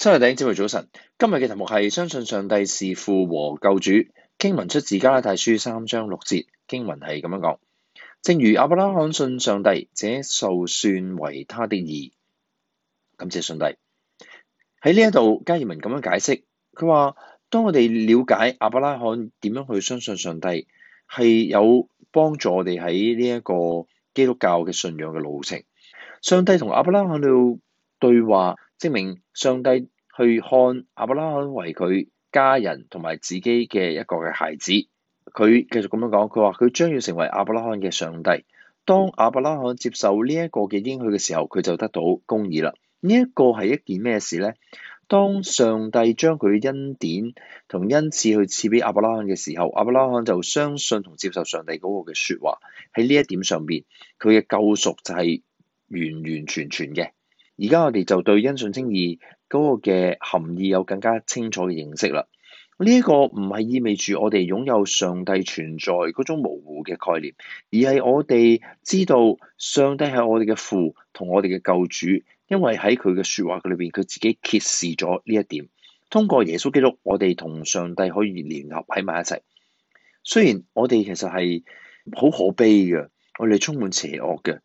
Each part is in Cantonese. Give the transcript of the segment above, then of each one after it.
七日頂，諸位早晨。今日嘅題目係相信上帝是父和救主。經文出自《加拉太書》三章六節，經文係咁樣講：正如阿伯拉罕信上帝，這受算為他的義。感謝上帝。喺呢一度，加爾文咁樣解釋，佢話：當我哋了解阿伯拉罕點樣去相信上帝，係有幫助我哋喺呢一個基督教嘅信仰嘅路程。上帝同阿伯拉罕喺度對話。證明上帝去看亞伯拉罕為佢家人同埋自己嘅一個嘅孩子，佢繼續咁樣講，佢話佢將要成為亞伯拉罕嘅上帝。當亞伯拉罕接受呢一個嘅應許嘅時候，佢就得到公義啦。呢一個係一件咩事咧？當上帝將佢嘅恩典同恩賜去賜俾亞伯拉罕嘅時候，亞伯拉罕就相信同接受上帝嗰個嘅説話。喺呢一點上邊，佢嘅救贖就係完完全全嘅。而家我哋就對因信稱義嗰個嘅含義有更加清楚嘅認識啦。呢一個唔係意味住我哋擁有上帝存在嗰種模糊嘅概念，而係我哋知道上帝係我哋嘅父同我哋嘅救主。因為喺佢嘅説話嘅裏邊，佢自己揭示咗呢一點。通過耶穌基督，我哋同上帝可以聯合喺埋一齊。雖然我哋其實係好可悲嘅，我哋充滿邪惡嘅。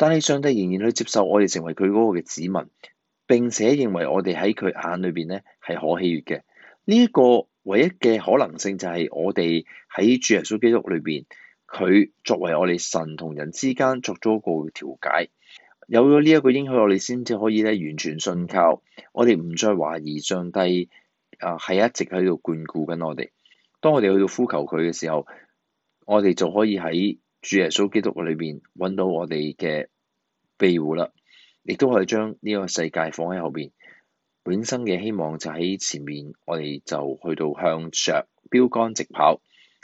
但係上帝仍然去接受我哋成為佢嗰個嘅子民，並且認為我哋喺佢眼裏邊咧係可喜悅嘅。呢、這、一個唯一嘅可能性就係我哋喺主耶穌基督裏邊，佢作為我哋神同人之間作咗一個調解，有咗呢一個應許，我哋先至可以咧完全信靠，我哋唔再懷疑上帝啊係、呃、一直喺度眷顧緊我哋。當我哋去到呼求佢嘅時候，我哋就可以喺主耶穌基督裏邊揾到我哋嘅庇護啦，亦都可以將呢個世界放喺後邊，本身嘅希望就喺前面，我哋就去到向着標竿直跑。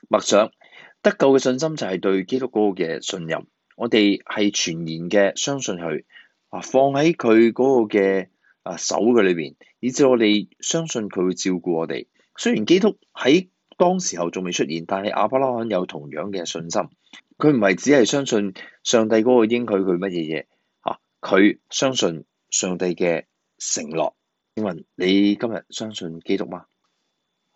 默想得救嘅信心就係對基督嗰個嘅信任，我哋係全然嘅相信佢，啊，放喺佢嗰個嘅啊手嘅裏邊，以致我哋相信佢會照顧我哋。雖然基督喺當時候仲未出現，但係亞伯拉罕有同樣嘅信心，佢唔係只係相信上帝嗰個應許佢乜嘢嘢，吓、啊，佢相信上帝嘅承諾。請問你今日相信基督嗎？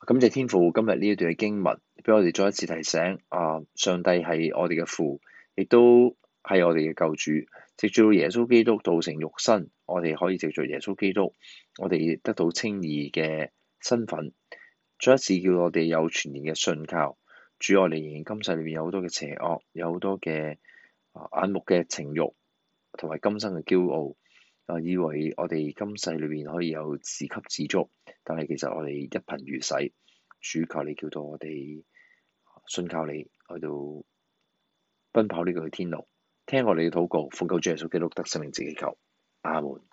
感謝天父今日呢一段嘅經文，俾我哋再一次提醒啊！上帝係我哋嘅父，亦都係我哋嘅救主。藉住耶穌基督道成肉身，我哋可以藉住耶穌基督，我哋得到稱義嘅身份。再一次叫我哋有全年嘅信靠，主，我哋仍然今世裏面有好多嘅邪惡，有好多嘅眼目嘅情欲，同埋今生嘅驕傲，啊以為我哋今世裏面可以有自給自足，但係其實我哋一貧如洗，主，求你叫到我哋信靠你去到奔跑呢個去天路，聽我哋嘅禱告，奉救主耶穌基督得生命，自己求。阿門。